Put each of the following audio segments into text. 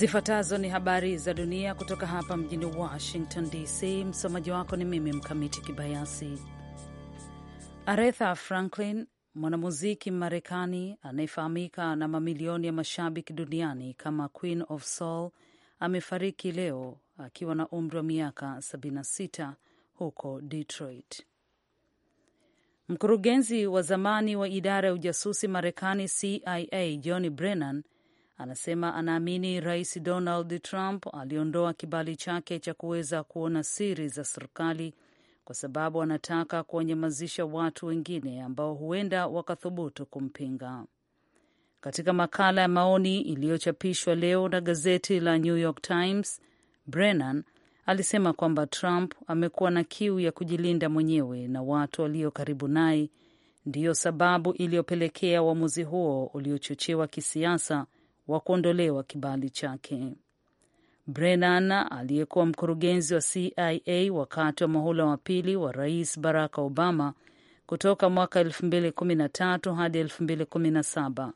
Zifuatazo ni habari za dunia kutoka hapa mjini Washington DC. Msomaji wako ni mimi Mkamiti Kibayasi. Aretha Franklin, mwanamuziki Marekani anayefahamika na mamilioni ya mashabiki duniani kama Queen of Soul, amefariki leo akiwa na umri wa miaka 76 huko Detroit. Mkurugenzi wa zamani wa idara ya ujasusi Marekani, CIA, John Brennan anasema anaamini Rais Donald Trump aliondoa kibali chake cha kuweza kuona siri za serikali kwa sababu anataka kuwanyamazisha watu wengine ambao huenda wakathubutu kumpinga. Katika makala ya maoni iliyochapishwa leo na gazeti la New York Times, Brennan alisema kwamba Trump amekuwa na kiu ya kujilinda mwenyewe na watu walio karibu naye, ndiyo sababu iliyopelekea uamuzi huo uliochochewa kisiasa wa kuondolewa kibali chake. Brennan aliyekuwa mkurugenzi wa CIA wakati wa muhula wa pili wa Rais Barack Obama kutoka mwaka 2013 hadi 2017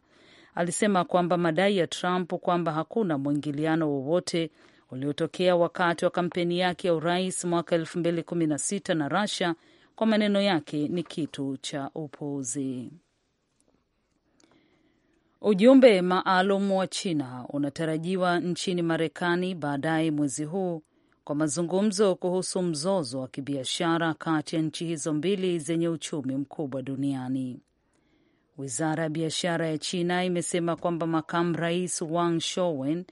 alisema kwamba madai ya Trump kwamba hakuna mwingiliano wowote uliotokea wakati wa kampeni yake ya urais mwaka 2016 na Russia, kwa maneno yake, ni kitu cha upuuzi. Ujumbe maalum wa China unatarajiwa nchini Marekani baadaye mwezi huu kwa mazungumzo kuhusu mzozo wa kibiashara kati ya nchi hizo mbili zenye uchumi mkubwa duniani. Wizara ya biashara ya China imesema kwamba makamu rais Wang Shouwen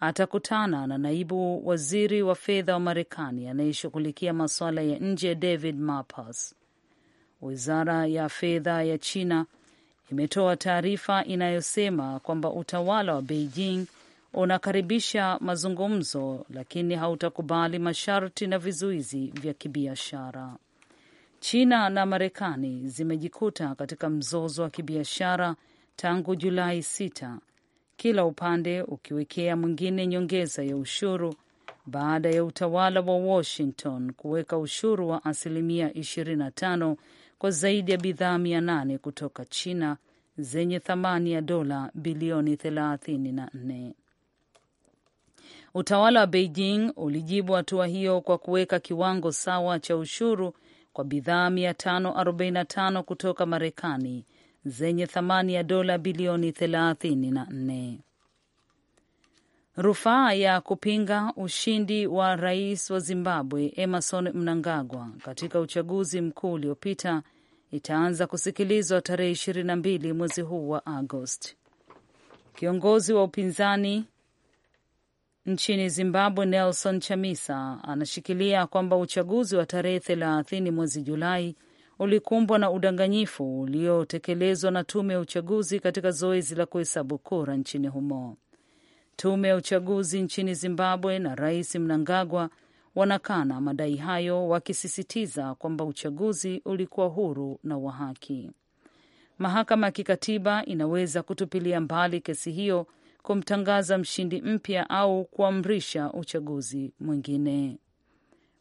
atakutana na naibu waziri wa fedha wa Marekani anayeshughulikia masuala ya nje David mapas Wizara ya fedha ya China imetoa taarifa inayosema kwamba utawala wa Beijing unakaribisha mazungumzo lakini hautakubali masharti na vizuizi vya kibiashara. China na Marekani zimejikuta katika mzozo wa kibiashara tangu Julai 6, kila upande ukiwekea mwingine nyongeza ya ushuru baada ya utawala wa Washington kuweka ushuru wa asilimia kwa zaidi ya bidhaa mia nane kutoka China zenye thamani ya dola bilioni 34. Utawala wa Beijing ulijibu hatua hiyo kwa kuweka kiwango sawa cha ushuru kwa bidhaa 545 kutoka Marekani zenye thamani ya dola bilioni 34. Rufaa ya kupinga ushindi wa rais wa Zimbabwe Emerson Mnangagwa katika uchaguzi mkuu uliopita itaanza kusikilizwa tarehe ishirini na mbili mwezi huu wa Agosti. Kiongozi wa upinzani nchini Zimbabwe Nelson Chamisa anashikilia kwamba uchaguzi wa tarehe thelathini mwezi Julai ulikumbwa na udanganyifu uliotekelezwa na tume ya uchaguzi katika zoezi la kuhesabu kura nchini humo. Tume ya uchaguzi nchini Zimbabwe na Rais Mnangagwa wanakana madai hayo wakisisitiza kwamba uchaguzi ulikuwa huru na wa haki. Mahakama ya kikatiba inaweza kutupilia mbali kesi hiyo, kumtangaza mshindi mpya au kuamrisha uchaguzi mwingine.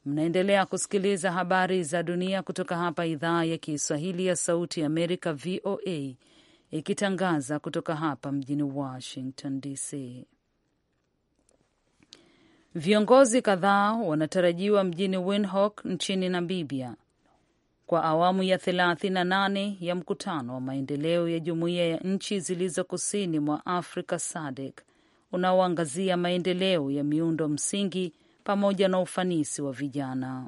Mnaendelea kusikiliza habari za dunia kutoka hapa idhaa ya Kiswahili ya Sauti ya Amerika, VOA, ikitangaza kutoka hapa mjini Washington DC. Viongozi kadhaa wanatarajiwa mjini Windhoek nchini Namibia kwa awamu ya 38 ya mkutano wa maendeleo ya jumuiya ya nchi zilizo kusini mwa Afrika SADC unaoangazia maendeleo ya miundo msingi pamoja na ufanisi wa vijana.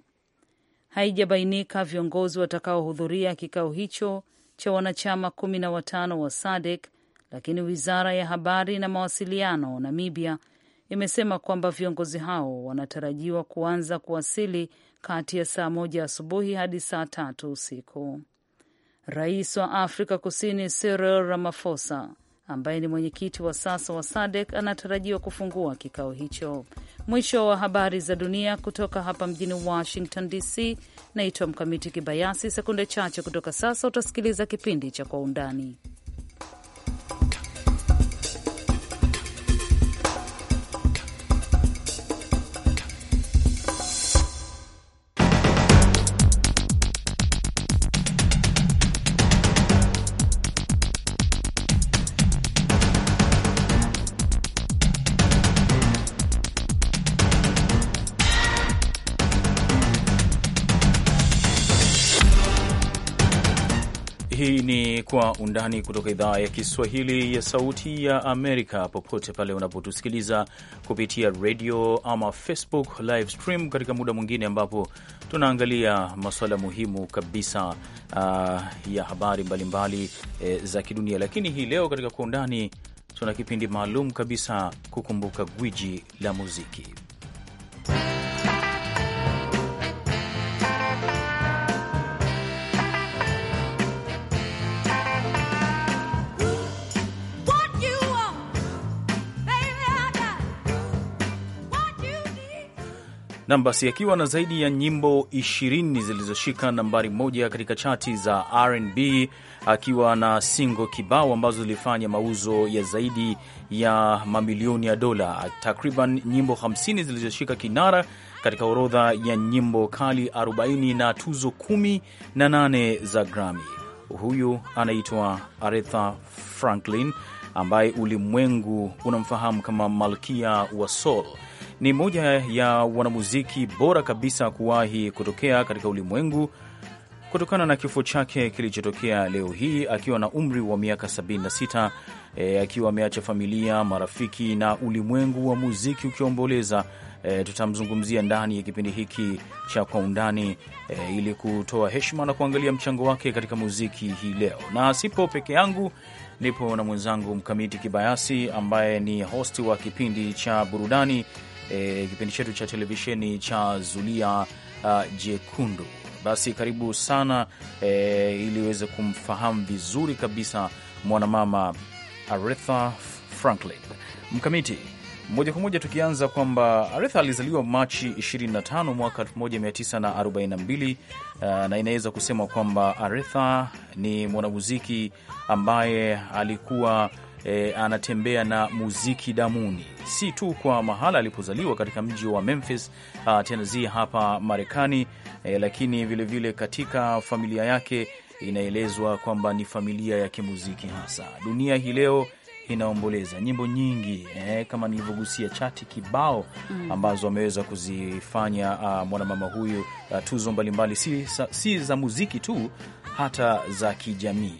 Haijabainika viongozi watakaohudhuria kikao hicho cha wanachama kumi na watano wa SADC, lakini wizara ya habari na mawasiliano Namibia imesema kwamba viongozi hao wanatarajiwa kuanza kuwasili kati ya saa moja asubuhi hadi saa tatu usiku. Rais wa Afrika Kusini Cyril Ramaphosa ambaye ni mwenyekiti wa sasa wa SADC anatarajiwa kufungua kikao hicho. Mwisho wa habari za dunia kutoka hapa mjini Washington DC. Naitwa Mkamiti Kibayasi. Sekunde chache kutoka sasa utasikiliza kipindi cha Kwa Undani. Kwa Undani kutoka idhaa ya Kiswahili ya Sauti ya Amerika, popote pale unapotusikiliza kupitia radio ama Facebook live stream, katika muda mwingine ambapo tunaangalia masuala muhimu kabisa uh, ya habari mbalimbali mbali, eh, e, za kidunia. Lakini hii leo katika Kwa Undani tuna kipindi maalum kabisa kukumbuka gwiji la muziki. Nam basi, akiwa na zaidi ya nyimbo ishirini zilizoshika nambari moja katika chati za RnB, akiwa na singo kibao ambazo zilifanya mauzo ya zaidi ya mamilioni ya dola, takriban nyimbo 50 zilizoshika kinara katika orodha ya nyimbo kali 40 na tuzo 18 na za Grammy. Huyu anaitwa Aretha Franklin ambaye ulimwengu unamfahamu kama malkia wa soul ni moja ya wanamuziki bora kabisa kuwahi kutokea katika ulimwengu kutokana na kifo chake kilichotokea leo hii akiwa na umri wa miaka 76, e, akiwa ameacha familia, marafiki na ulimwengu wa muziki ukiomboleza. E, tutamzungumzia ndani ya kipindi hiki cha Kwa Undani e, ili kutoa heshima na kuangalia mchango wake katika muziki hii leo, na sipo peke yangu nipo na mwenzangu Mkamiti Kibayasi ambaye ni hosti wa kipindi cha burudani e, kipindi chetu cha televisheni cha Zulia uh, Jekundu. Basi karibu sana e, ili uweze kumfahamu vizuri kabisa mwanamama Aretha Franklin. Mkamiti moja kwa moja tukianza kwamba Aretha alizaliwa Machi 25 mwaka 1942 uh, na inaweza kusema kwamba Aretha ni mwanamuziki ambaye alikuwa e, anatembea na muziki damuni, si tu kwa mahala alipozaliwa katika mji wa Memphis, uh, Tennessee hapa Marekani, e, lakini vilevile vile katika familia yake inaelezwa kwamba ni familia ya kimuziki hasa. Dunia hii leo inaomboleza nyimbo nyingi eh, kama nilivyogusia chati kibao mm, ambazo ameweza kuzifanya uh, mwanamama huyu uh, tuzo mbalimbali si, si za muziki tu, hata za kijamii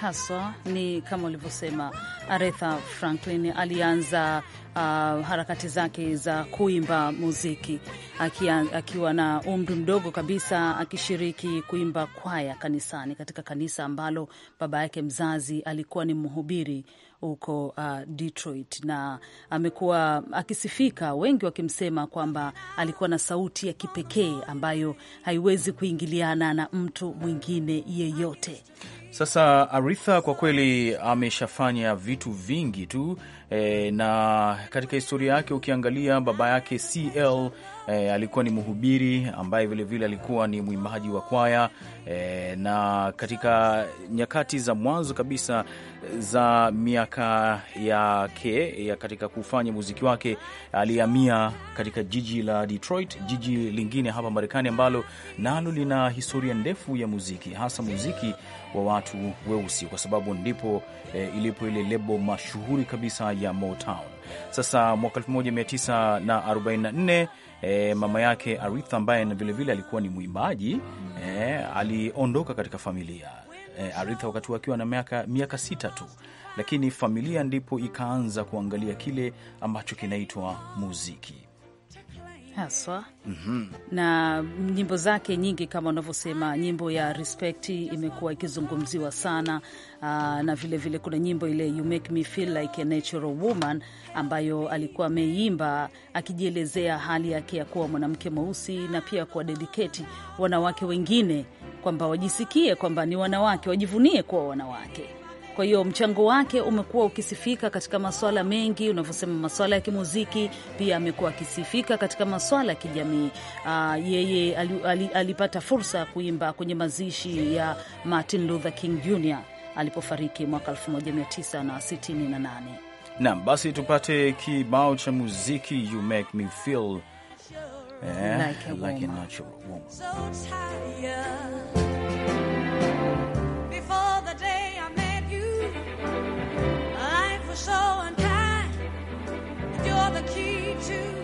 haswa ni kama ulivyosema, Aretha Franklin alianza uh, harakati zake za kuimba muziki akia, akiwa na umri mdogo kabisa, akishiriki kuimba kwaya kanisani, katika kanisa ambalo baba yake mzazi alikuwa ni mhubiri huko uh, Detroit na amekuwa akisifika, wengi wakimsema kwamba alikuwa na sauti ya kipekee ambayo haiwezi kuingiliana na mtu mwingine yeyote. Sasa Aritha kwa kweli ameshafanya vitu vingi tu e, na katika historia yake ukiangalia, baba yake CL e, eh, alikuwa ni mhubiri ambaye vilevile vile alikuwa ni mwimbaji wa kwaya e, na katika nyakati za mwanzo kabisa za miaka yake ya katika kufanya muziki wake alihamia katika jiji la Detroit, jiji lingine hapa Marekani ambalo nalo lina historia ndefu ya muziki hasa muziki wa watu weusi, kwa sababu ndipo e, ilipo ile lebo mashuhuri kabisa ya Motown. Sasa mwaka 1944 e, eh, mama yake aritha ambaye vilevile alikuwa ni mwimbaji e, aliondoka katika familia e, Aritha wakati akiwa na miaka, miaka sita tu lakini familia ndipo ikaanza kuangalia kile ambacho kinaitwa muziki haswa mm -hmm. na nyimbo zake nyingi kama unavyosema, nyimbo ya Respect imekuwa ikizungumziwa sana aa, ah, na vilevile vile kuna nyimbo ile You Make Me Feel Like a Natural Woman ambayo alikuwa ameimba akijielezea hali yake ya kuwa mwanamke mweusi na pia kuwa dedicate wanawake wengine kwamba wajisikie kwamba ni wanawake, wajivunie kuwa wanawake. Kwa hiyo mchango wake umekuwa ukisifika katika maswala mengi, unavyosema maswala ya kimuziki, pia amekuwa akisifika katika maswala ya kijamii. Uh, yeye alipata fursa ya kuimba kwenye mazishi ya Martin Luther King Jr alipofariki mwaka 1968. Na basi tupate kibao cha muziki You Make Me Feel eh, like a Like Natural Woman. so unkind. You're the key to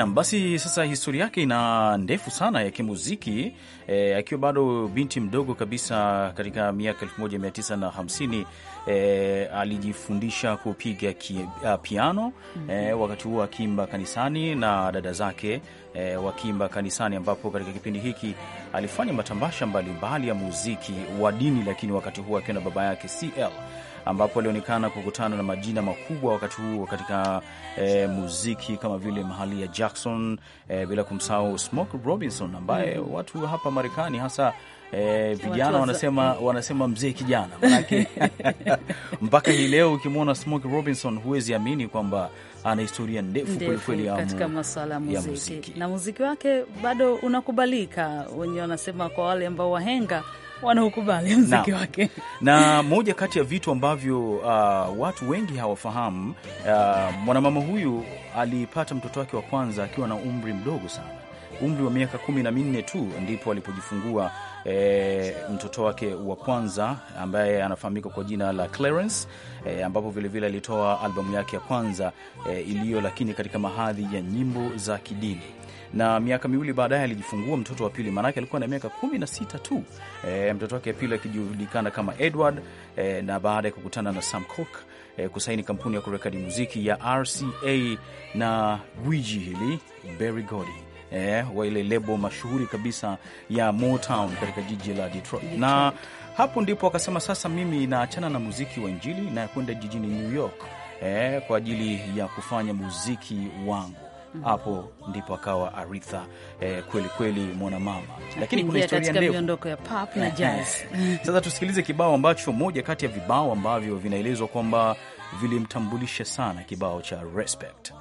Nam basi, sasa historia yake ina ndefu sana ya kimuziki e, akiwa bado binti mdogo kabisa katika miaka 1950 e, eh, alijifundisha kupiga ah, piano e, wakati huo akiimba kanisani na dada zake e, wakiimba kanisani, ambapo katika kipindi hiki alifanya matambasha mbalimbali mbali ya muziki wa dini, lakini wakati huo akiwa na baba yake CL ambapo alionekana kukutana na majina makubwa wakati huo katika e, muziki kama vile mahali ya Jackson e, bila kumsahau smok Robinson ambaye mm. watu hapa Marekani hasa E, vijana wanasema mm. wanasema mzee kijana, manake mpaka hii leo ukimwona Smokey Robinson huwezi amini kwamba ana historia ndefu kwelikweli katika masuala ya muziki. muziki na muziki wake bado unakubalika, wenyewe wanasema kwa wale ambao wahenga wanaukubali mziki wake na moja kati ya vitu ambavyo uh, watu wengi hawafahamu uh, mwanamama huyu alipata mtoto wake wa kwanza akiwa na umri mdogo sana, umri wa miaka kumi na minne tu ndipo alipojifungua E, mtoto wake wa kwanza ambaye anafahamika kwa jina la Clarence e, ambapo vilevile alitoa albamu yake ya kwanza e, iliyo lakini katika mahadhi ya nyimbo za kidini na miaka miwili baadaye alijifungua mtoto wa pili, maanake alikuwa na miaka kumi na sita tu. E, mtoto wake pili akijulikana kama Edward e, na baada ya kukutana na Sam Cooke e, kusaini kampuni ya kurekodi muziki ya RCA na gwiji hili Berry Gordy E, wa ile lebo mashuhuri kabisa ya Motown katika jiji la Detroit, na hapo ndipo akasema sasa, mimi naachana na muziki wa Injili na kwenda jijini New York e, kwa ajili ya kufanya muziki wangu hapo ndipo akawa Aritha eh, kweli kweli mwana mama, lakini kuna historia ndefu miondoko ya pop na eh, eh. jazz. Sasa tusikilize kibao ambacho, moja kati ya vibao ambavyo vinaelezwa kwamba vilimtambulisha sana, kibao cha Respect.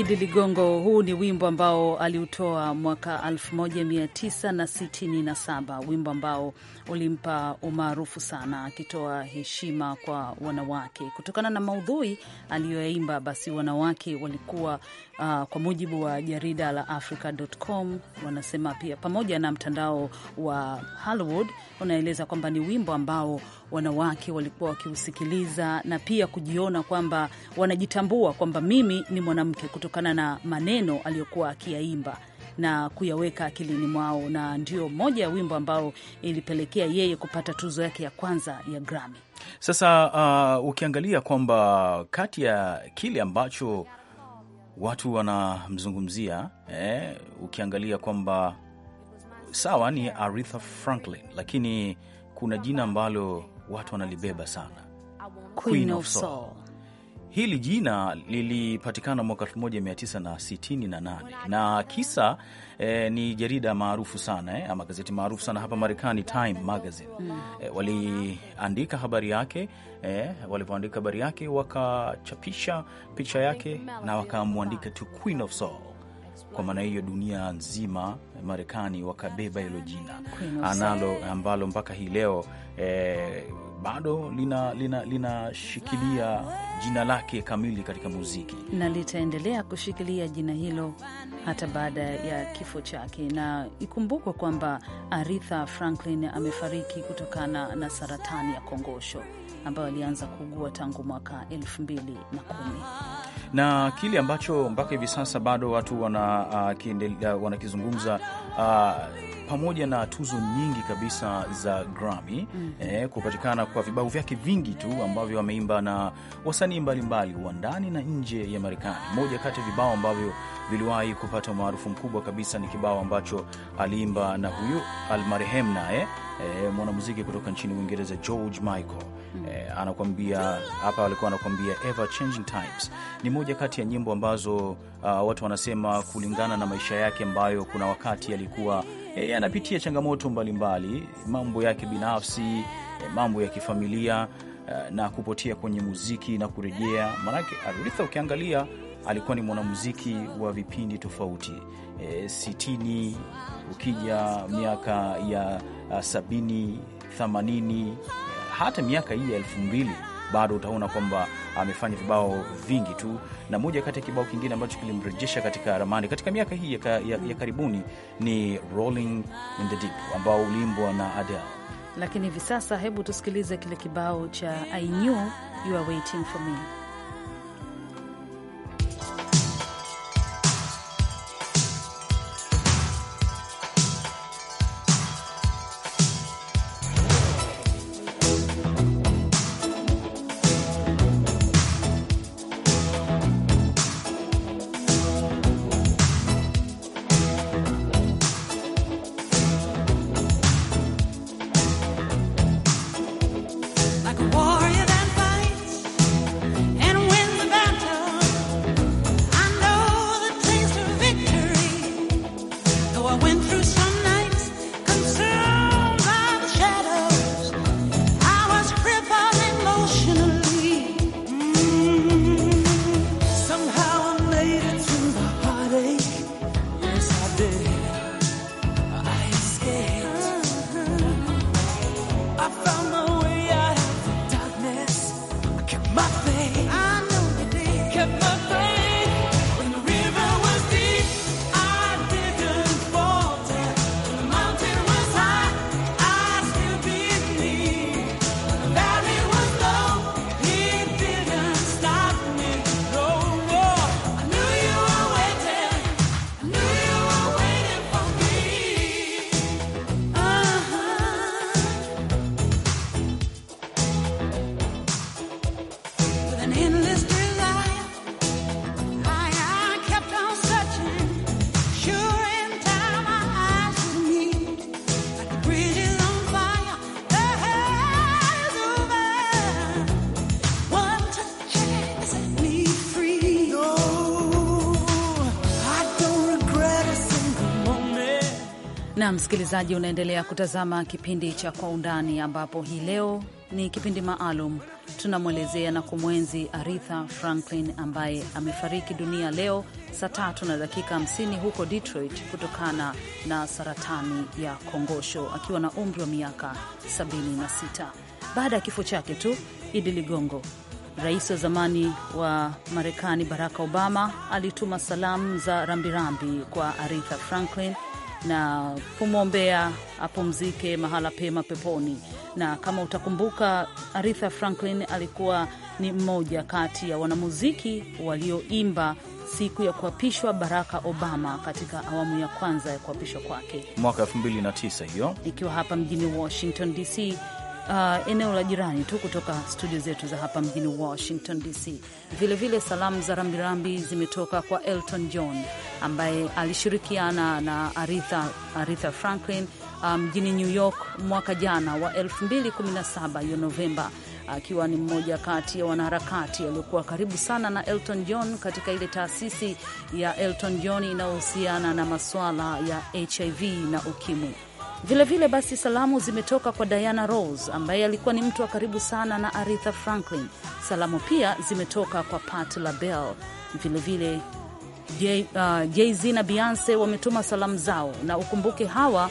Idi Ligongo, huu ni wimbo ambao aliutoa mwaka 1967 wimbo ambao ulimpa umaarufu sana, akitoa heshima kwa wanawake kutokana na maudhui aliyoyaimba. Basi wanawake walikuwa uh, kwa mujibu wa jarida la Africa.com wanasema pia, pamoja na mtandao wa Hollywood unaeleza kwamba ni wimbo ambao wanawake walikuwa wakiusikiliza na pia kujiona kwamba wanajitambua kwamba mimi ni mwanamke kutokana na maneno aliyokuwa akiyaimba na kuyaweka akilini mwao, na ndio moja ya wimbo ambao ilipelekea yeye kupata tuzo yake ya kwanza ya Grammy. Sasa uh, ukiangalia kwamba kati ya kile ambacho watu wanamzungumzia eh, ukiangalia kwamba sawa ni Aretha Franklin, lakini kuna jina ambalo watu wanalibeba sana, Queen of Soul. Hili jina lilipatikana mwaka 1968 na, na, na kisa eh, ni jarida maarufu sana eh, ama gazeti maarufu sana hapa Marekani, Time Magazine mm. Eh, waliandika habari yake eh, walivyoandika habari yake wakachapisha picha yake na wakamwandika to Queen of Soul. Kwa maana hiyo dunia nzima eh, Marekani wakabeba hilo jina analo ambalo mpaka hii leo eh, bado linashikilia lina, lina jina lake kamili katika muziki na litaendelea kushikilia jina hilo hata baada ya kifo chake. Na ikumbukwe kwamba Aretha Franklin amefariki kutokana na saratani ya kongosho ambayo alianza kuugua tangu mwaka 21 na kile ambacho mpaka hivi sasa bado watu uh, uh, wanakizungumza uh, wana uh, pamoja na tuzo nyingi kabisa za Grammy mm. eh, kupatikana kwa vibao vyake vingi tu ambavyo wameimba na wasanii mbalimbali wa ndani na nje ya Marekani. Moja kati ya vibao ambavyo viliwahi kupata umaarufu mkubwa kabisa ni kibao ambacho aliimba na huyu almarehemu naye eh, mwanamuziki kutoka nchini Uingereza George Michael Eh, anakuambia hapa, walikuwa anakuambia ever changing times ni moja kati ya nyimbo ambazo uh, watu wanasema kulingana na maisha yake ambayo kuna wakati alikuwa eh, anapitia changamoto mbalimbali mbali, mambo yake binafsi eh, mambo ya kifamilia eh, na kupotea kwenye muziki na kurejea. Maanake Aretha ukiangalia alikuwa ni mwanamuziki wa vipindi tofauti e, sitini, ukija miaka ya ah, sabini, thamanini, hata miaka hii ya elfu mbili bado utaona kwamba amefanya vibao vingi tu, na moja kati ya kibao kingine ambacho kilimrejesha katika ramani katika miaka hii ya, ka, ya, ya karibuni ni Rolling in the Deep ambao ulimbwa na Adele. Lakini hivi sasa, hebu tusikilize kile kibao cha I knew you are waiting for me. msikilizaji, unaendelea kutazama kipindi cha Kwa Undani, ambapo hii leo ni kipindi maalum tunamwelezea na kumwenzi Aretha Franklin ambaye amefariki dunia leo saa tatu na dakika 50 huko Detroit kutokana na saratani ya kongosho akiwa na umri wa miaka 76. Baada ya kifo chake tu, Idi Ligongo, rais wa zamani wa Marekani Barack Obama alituma salamu za rambirambi kwa Aretha Franklin na kumwombea apumzike mahala pema peponi. Na kama utakumbuka, Aretha Franklin alikuwa ni mmoja kati ya wanamuziki walioimba siku ya kuapishwa Barack Obama katika awamu ya kwanza ya kuapishwa kwake mwaka 2009 hiyo, ikiwa hapa mjini Washington DC uh, eneo la jirani tu kutoka studio zetu za hapa mjini Washington DC. Vilevile salamu za rambirambi zimetoka kwa Elton John ambaye alishirikiana na Aritha, Aritha Franklin uh, mjini um, New York mwaka jana wa 2017 ya Novemba akiwa ni mmoja kati ya wanaharakati aliokuwa karibu sana na Elton John katika ile taasisi ya Elton John inayohusiana na masuala ya HIV na ukimwi. Vilevile vile basi, salamu zimetoka kwa Diana Rose ambaye alikuwa ni mtu wa karibu sana na Aretha Franklin. Salamu pia zimetoka kwa Pat LaBelle. Vilevile uh, Jay-Z uh, na Beyonce wametuma salamu zao, na ukumbuke hawa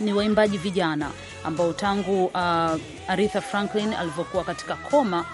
ni waimbaji vijana ambao tangu uh, Aretha Franklin alivyokuwa katika koma,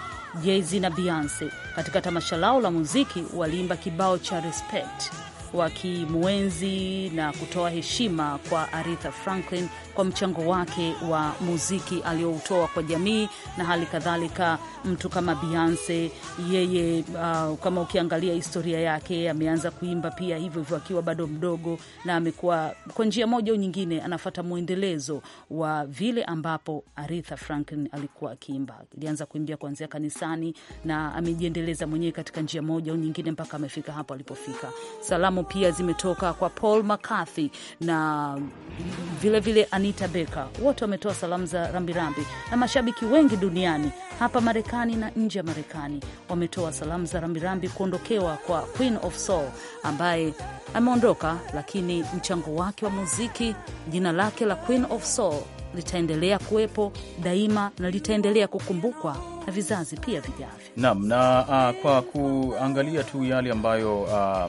Jay-Z na Beyonce katika tamasha lao la muziki waliimba kibao cha Respect wakimwenzi na kutoa heshima kwa Aretha Franklin kwa mchango wake wa muziki aliyoutoa kwa jamii, na hali kadhalika mtu kama Beyonce, yeye uh, kama ukiangalia historia yake ameanza kuimba pia hivyo hivyo akiwa bado mdogo, na amekuwa kwa njia moja au nyingine anafata mwendelezo wa vile ambapo Aretha Franklin alikuwa akiimba. Alianza kuimbia kuanzia kanisani na amejiendeleza mwenyewe katika njia moja au nyingine mpaka amefika hapo alipofika. Salamu filamu pia zimetoka kwa Paul McCarthy na vilevile vile Anita Baker, wote wametoa salamu za rambirambi, na mashabiki wengi duniani hapa Marekani na nje ya Marekani wametoa salamu za rambirambi kuondokewa kwa Queen of Soul ambaye ameondoka, lakini mchango wake wa muziki, jina lake la Queen of Soul litaendelea kuwepo daima na litaendelea kukumbukwa na vizazi pia vijavyo. Naam, na uh, kwa kuangalia tu yale ambayo uh,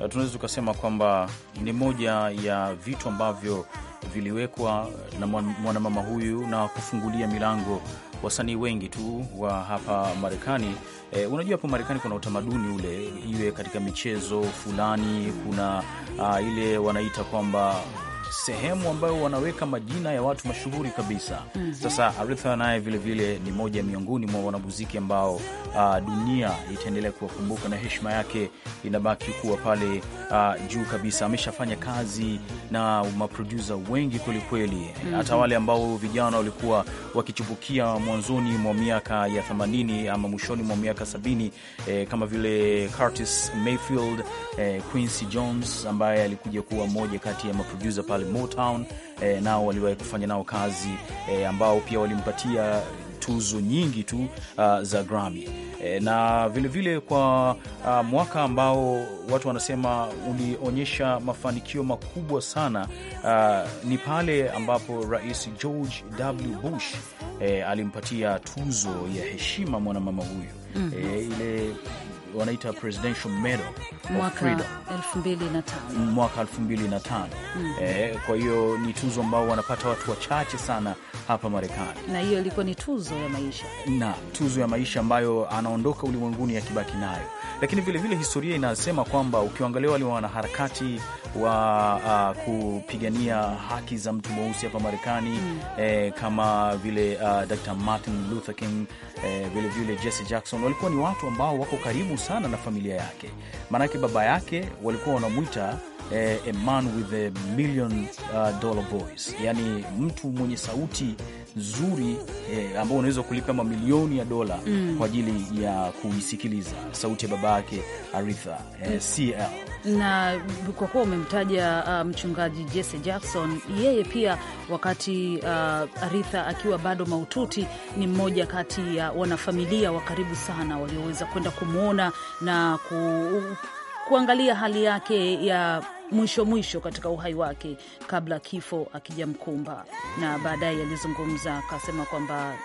Eh, tunaweza tukasema kwamba ni moja ya vitu ambavyo viliwekwa na mwanamama huyu na kufungulia milango wasanii wengi tu wa hapa Marekani. E, unajua hapa Marekani kuna utamaduni ule, iwe katika michezo fulani, kuna a, ah, ile wanaita kwamba sehemu ambayo wanaweka majina ya watu mashuhuri kabisa. mm -hmm. Sasa Aretha naye vilevile ni moja miongoni mwa wanamuziki ambao uh, dunia itaendelea kuwakumbuka na heshima yake inabaki kuwa pale uh, juu kabisa. Ameshafanya kazi na maprodusa wengi kwelikweli mhm. hata mm -hmm. wale ambao vijana walikuwa wakichipukia mwanzoni mwa miaka ya 80 ama mwishoni mwa miaka 70 eh, kama vile Curtis Mayfield, eh, Quincy Jones ambaye alikuja kuwa moja kati ya maprodusa pale pale Motown e, nao waliwahi kufanya nao kazi e, ambao pia walimpatia tuzo nyingi tu uh, za Grammy e, na vilevile vile kwa uh, mwaka ambao watu wanasema ulionyesha mafanikio makubwa sana uh, ni pale ambapo Rais George W. Bush e, alimpatia tuzo ya heshima mwanamama huyu mm -hmm. e, ile wanaita Presidential Medal of Freedom mm, mwaka 2005. Mm. E, kwa hiyo ni tuzo ambao wanapata watu wachache sana hapa Marekani, na hiyo ilikuwa ni tuzo ya maisha na tuzo ya maisha ambayo anaondoka ulimwenguni akibaki nayo, lakini vilevile vile historia inasema kwamba ukiangalia wale wanaharakati wa uh, kupigania haki za mtu mweusi hapa Marekani mm. e, kama vile uh, Dr. Martin Luther King vilevile eh, e, vile Jesse Jackson walikuwa ni watu ambao wako karibu sana na familia yake, maanake baba yake walikuwa wanamwita eh, a man with a million uh, dollar voice, yani mtu mwenye sauti nzuri eh, ambao unaweza kulipa mamilioni ya dola mm. kwa ajili ya kuisikiliza sauti ya baba yake aritha eh, mm. CL. Na kwa kuwa umemtaja uh, mchungaji Jesse Jackson, yeye pia wakati uh, Aritha akiwa bado maututi ni mmoja kati ya uh, wanafamilia wa karibu sana walioweza kwenda kumwona na ku, kuangalia hali yake ya mwisho mwisho katika uhai wake kabla kifo akijamkumba. Na baadaye alizungumza akasema kwamba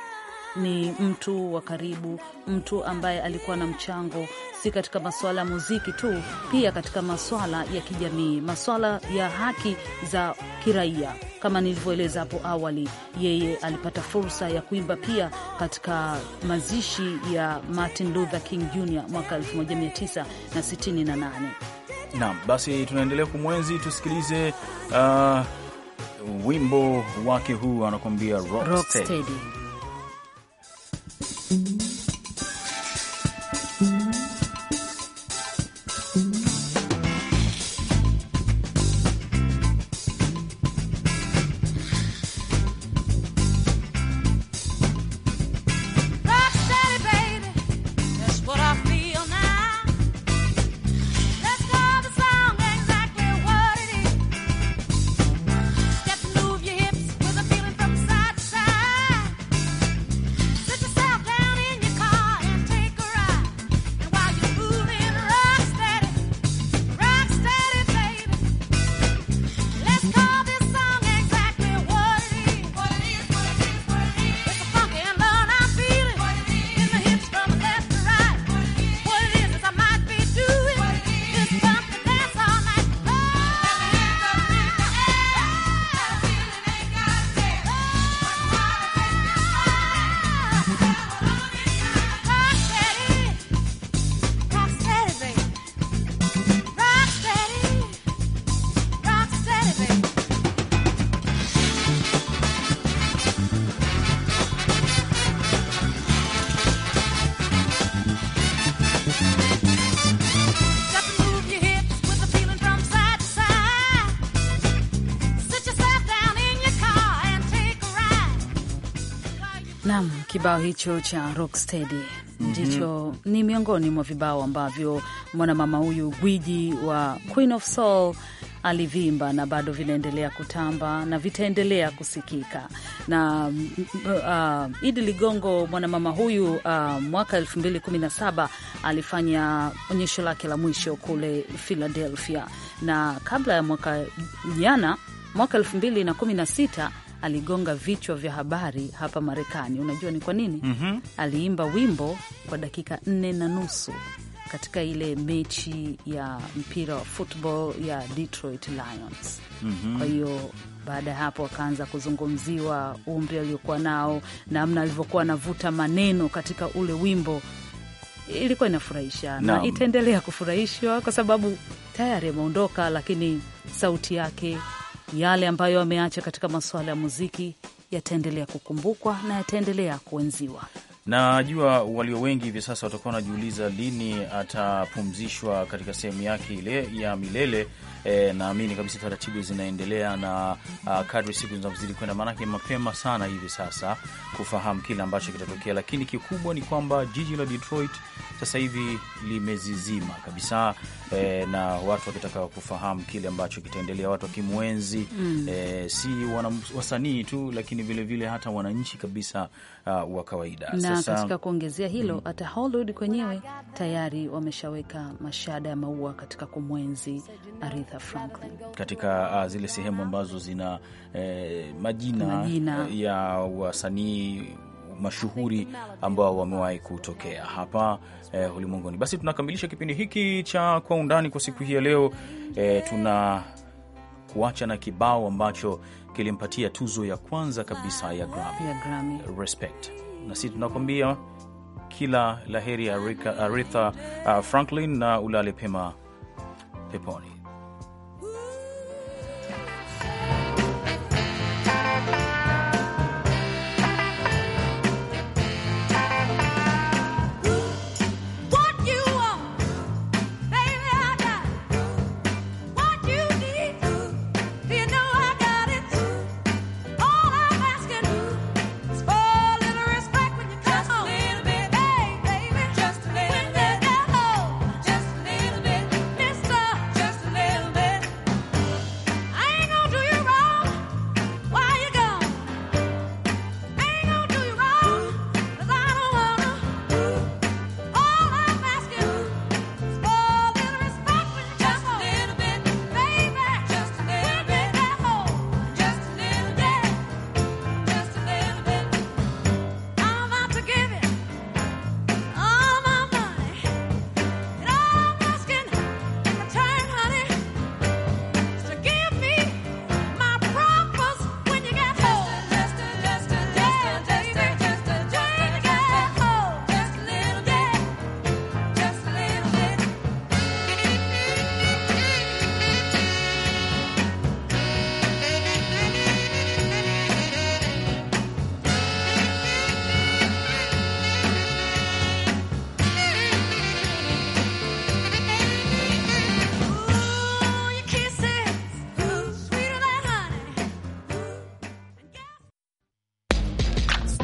ni mtu wa karibu, mtu ambaye alikuwa na mchango si katika masuala ya muziki tu, pia katika masuala ya kijamii, masuala ya haki za kiraia. Kama nilivyoeleza hapo awali, yeye alipata fursa ya kuimba pia katika mazishi ya Martin Luther King Jr mwaka 1968. Naam, basi tunaendelea kumwenzi, tusikilize uh, wimbo wake huu anakuambia rock, steady. Nam, kibao hicho cha Rocksteady ndicho mm -hmm. Ni miongoni mwa vibao ambavyo mwanamama huyu gwiji wa Queen of Soul alivimba na bado vinaendelea kutamba na vitaendelea kusikika na mm, uh, Idi Ligongo, mwanamama huyu uh, mwaka 2017 alifanya onyesho lake la mwisho kule Philadelphia, na kabla ya mwaka jana, mwaka 2016 aligonga vichwa vya habari hapa Marekani. Unajua ni kwa nini? mm -hmm. Aliimba wimbo kwa dakika nne na nusu katika ile mechi ya mpira wa football ya Detroit Lions. mm -hmm. Kwa hiyo baada ya hapo akaanza kuzungumziwa umri aliokuwa nao, namna alivyokuwa anavuta maneno katika ule wimbo. Ilikuwa inafurahisha na itaendelea kufurahishwa kwa sababu tayari ameondoka, lakini sauti yake yale ambayo ameacha katika masuala ya muziki yataendelea kukumbukwa na yataendelea kuenziwa. Najua walio wengi hivi sasa watakuwa wanajiuliza lini atapumzishwa katika sehemu yake ile ya milele eh, naamini kabisa taratibu zinaendelea na uh, kadri siku zinavyozidi kwenda, maanake mapema sana hivi sasa kufahamu kile ambacho kitatokea, lakini kikubwa ni kwamba jiji la Detroit sasa hivi limezizima kabisa eh, na watu wakitaka kufahamu kile ambacho kitaendelea, watu wakimwenzi mm. eh, si wasanii tu, lakini vilevile vile hata wananchi kabisa uh, wa kawaida. Na sasa, katika kuongezea hilo mm. hata mm. Hollywood kwenyewe tayari wameshaweka mashada ya maua katika kumwenzi Aretha Aretha Franklin katika uh, zile sehemu ambazo zina eh, majina, majina eh, ya wasanii mashuhuri ambao wamewahi kutokea hapa eh, ulimwenguni. Basi tunakamilisha kipindi hiki cha Kwa Undani kwa siku hii ya leo. Eh, tuna kuacha na kibao ambacho kilimpatia tuzo ya kwanza kabisa ya Grammy, ya Grammy. Respect. Na sisi tunakuambia kila laheri ya Aretha ah, Franklin na ulale pema peponi.